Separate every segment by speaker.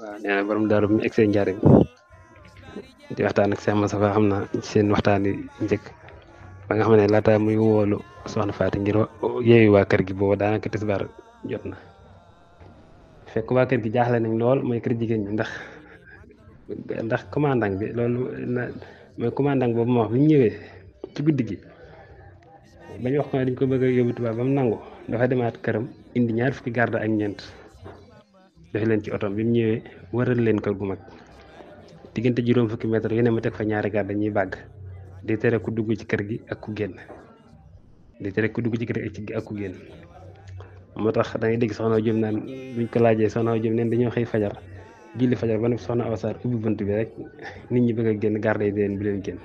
Speaker 1: waaw nee na borom daaru bi mu egg see njariñ di waxtaan ak na seen waxtaan yi njëkk ba nga xam ne laata muy woolu soxna Faati ngir yeewi waa kër gi boobu daanaka tisbaar jot na fekk waa kër gi jaaxle nañ lool mooy kër jigéen ñi ndax ndax commandant bi lool mooy commandant boobu ma wax bi ñu ñëwee ci guddi gi bañ wax ko ne dañ ko bëgg a yóbbu tubaab ba mu nangu dafa demaat këram indi ñaar fukki garde ak ñeent joxe leen ci otom bi mu ñëwee waral leen kër gu mag diggante juróom fukki mètre yu ne mu teg fa ñaari garde ñuy bàgg di tere ku dugg ci kër gi ak ku génn di tere ku dugg ci kër gi ak ku génn moo tax da ngay dégg soxna Jóob naan buñ ko laajee soxna Jóob neen dañoo xëy fajar julli fajar ba ne soxna awasaar ubbi bunt bi rek nit ñi bëgg a génn garde yi di leen bu leen génn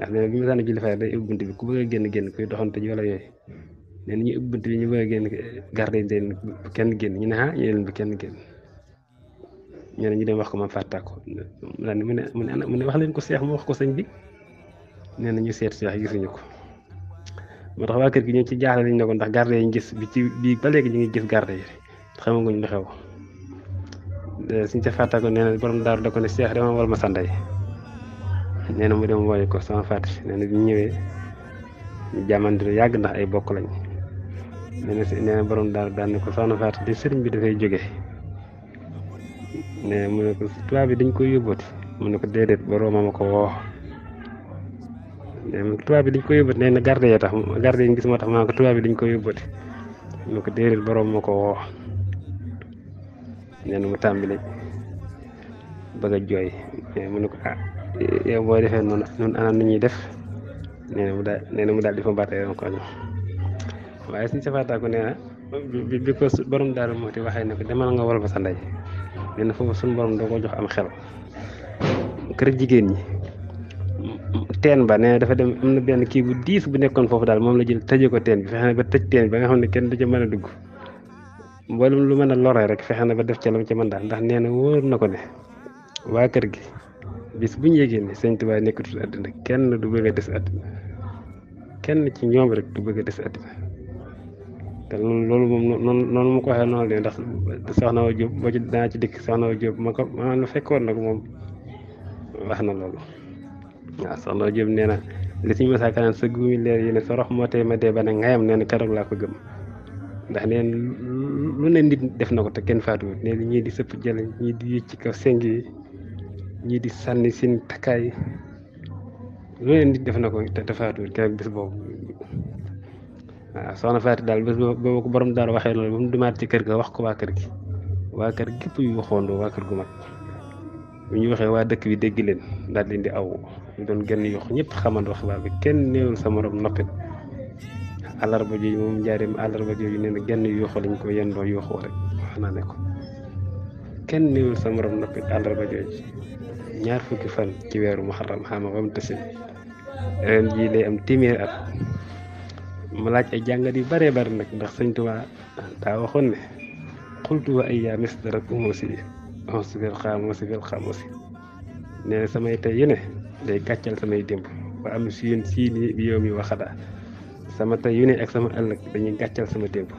Speaker 1: ndax nee na bi mu sànni julli fajar day ubbi bunt bi ku bëgg a génn génn kuy doxante ji wala yooyu nee na ñu ubbi bunt bi ñu bëgg a génn garde leen bu kenn génn ñu ne ah ñu leen bu kenn génn ñu ñu dem wax ko maam fàtta ko daal mu ne mu ne mu ne wax leen ko seex mu wax ko sëñ bi nee na ñu seet seex gisuñu ko moo tax waa kër gi ñoo ci jaaxle lañ ne ko ndax garde yi gis bi ci bii ba léegi ñu ngi gis garde yi xamaguñ lu xew suñ ca fàtta ko nee na da ko ne seex dama wal ma sanday nee na mu dem wooye ko sama fàtti nee na ñu ñëwee ñu jàmmante yàgg ndax ay bokk lañ nee na borom daal daan ko soxna Fatou di bi dafay jóge nee bi dañ koy yóbbooti mu ne ko déedéet boroomam a ko woo nee bi dañ koy yóbbooti nee na garde ya tax garde yi gis moo tax maa ko dañ mu ne ko déedéet boroom ko woo nee na mu tàmbali bëgg a mu ne ko ah, boo defee noonu noonu ñuy def nee na mu daal nee mu daal di fa baatee yoon ko waaye suñ safaataaku nee na bi bi ko borom daaru mooti waxee ne ko demal nga wol ba sa ndey nee na foofu suñ borom doo ko jox am xel kër jigéen ñi teen ba nee dafa dem am na benn kii bu diis bu nekkoon foofu daal moom la jël tëje ko teen bi fexe ba tëj teen ba nga xam ne kenn du ca mën a dugg mboolem lu mën a loree rek fexe na ba def ca lam ca mën daal ndax nee na wóor na ko ne waa kër gi bis bu ñu yégee ne sëñ Tuubaa nekkatul àddina kenn du bëgg a des àddina kenn ci ñoom rek du bëgg a des te loolu moom noonu noonu ma ko waxee noonu la ndax soxna wa Jóob ba ci danaa ci dikk soxna wa Jóob ma ko ma la fekkoon nag moom wax na loolu waaw soxna wa Jóob nee na li suñu masaakanaan sa guumi leer yi ne sa rox moo tey ma dee ne ngayam nee ko gëm ndax neen lu ne nit def na ko te kenn faatuwut nee na ñii di sëpp jële ñii di yëcc ci kaw seng yi ñii di sànni seen takkaay lu ne nit def na ko te faatuwut keroog bis boobu waaw soxna Faati daal bés boobu ko borom daal waxee loolu ba mu dumaat ci kër ga wax ko waa kër gi waa kër gépp yu xoondoo waa kër gu mag bu ñu waxee waa dëkk wi dégg leen daal leen di aw ñu doon genn yox ñëpp xamandoo xibaar bi kenn newul sa morom noppit àllarba jooju moom njaareem àllarba jooju nee na genn yuuxu lañ ko yendoo yuuxoo rek ne ko kenn sa morom noppit àllarba jooju ñaar fukki fan ci weeru muharram xaama ba mu tësin ren am malaaj ay jàngat yu bëree bëri nag ndax sëñ Tuubaa daa waxoon ne xultu wa ay yaa mista rek moosi moosi fil xaa moosi fil nee samay tey yu ne day gàccal samay démb ba am si yéen sii nii bi yow mi waxadaa sama tey yu ne ak sama ëllëg dañuy gàccal sama démb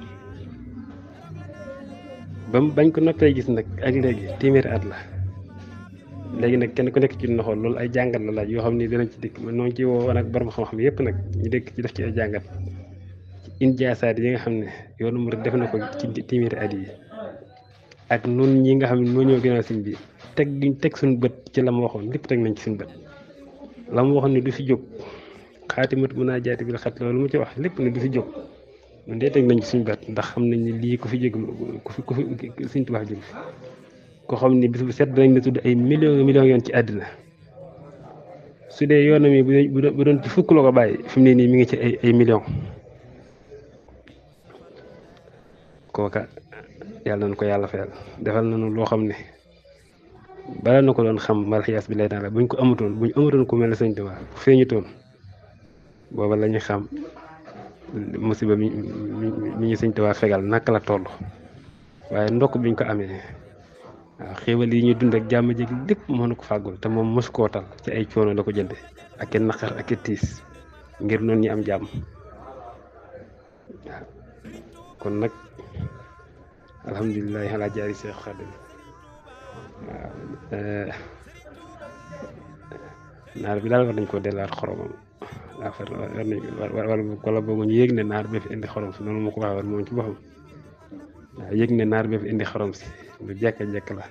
Speaker 1: ba bañ ko noppee gis nag ak léegi téeméeri at la léegi nag kenn ku nekk ci noxool loolu ay jàngat la laaj yoo xam ni dinañ ci dikk man noo ngi ci woo nag borom xam-xam yëpp nag ñu dëkk ci def ci ay jàngat injaasaat yi nga xam ne yoonu murid def na ko ci téeméeri at yi ak noonu ñi nga xam ne noo ñëw gënaaw sëñ bi teg duñ teg suñu bët ci la mu waxoon lépp teg nañ ci suñu bët la mu waxoon ne du fi jóg xaatimat munaajaati bil xat loolu mu ci wax lépp ne du fi jóg ñun teg nañ ci suñu bët ndax xam nañ ne lii ku fi jóg ku fi ku fi Sëñ Tuubaa jóg fi ko xam ne bis bu set danañ la tudd ay millions millions yoon ci àddina su dee yoonam yi bu doon ci fukk la ko bàyyi fi ne nii mi ngi ci ay ay millions kooka yàlla nañ ko yàlla fayal defal na nañu loo xam ne bala na ko doon xam malxiyaas bi lay naa la buñ ko amatoon buñ amatoon ku mel ne sëñ Tuubaa feeñutoon booba la xam musiba ñu sëñ Tuubaa fegal naka la toll waaye ndokk biñ ko amee waaw yi ñu dund ak jàmm jéeg lépp mënu ko fàggul te moom mos koo tal ci ay coono la ko jënde ak naqar ak tiis ngir noonu ñu am jàmm kon nag alhamdulilah ala jaari Seex Xaadim eh, naar bi daal war nañ ko dellaat xoromam affaire war nañ wala wala yëg ne naar bi indi xorom si noonu moo ko waxee moom ci boppam waaw yëg ne naar bi indi xorom si lu jekk jekk la.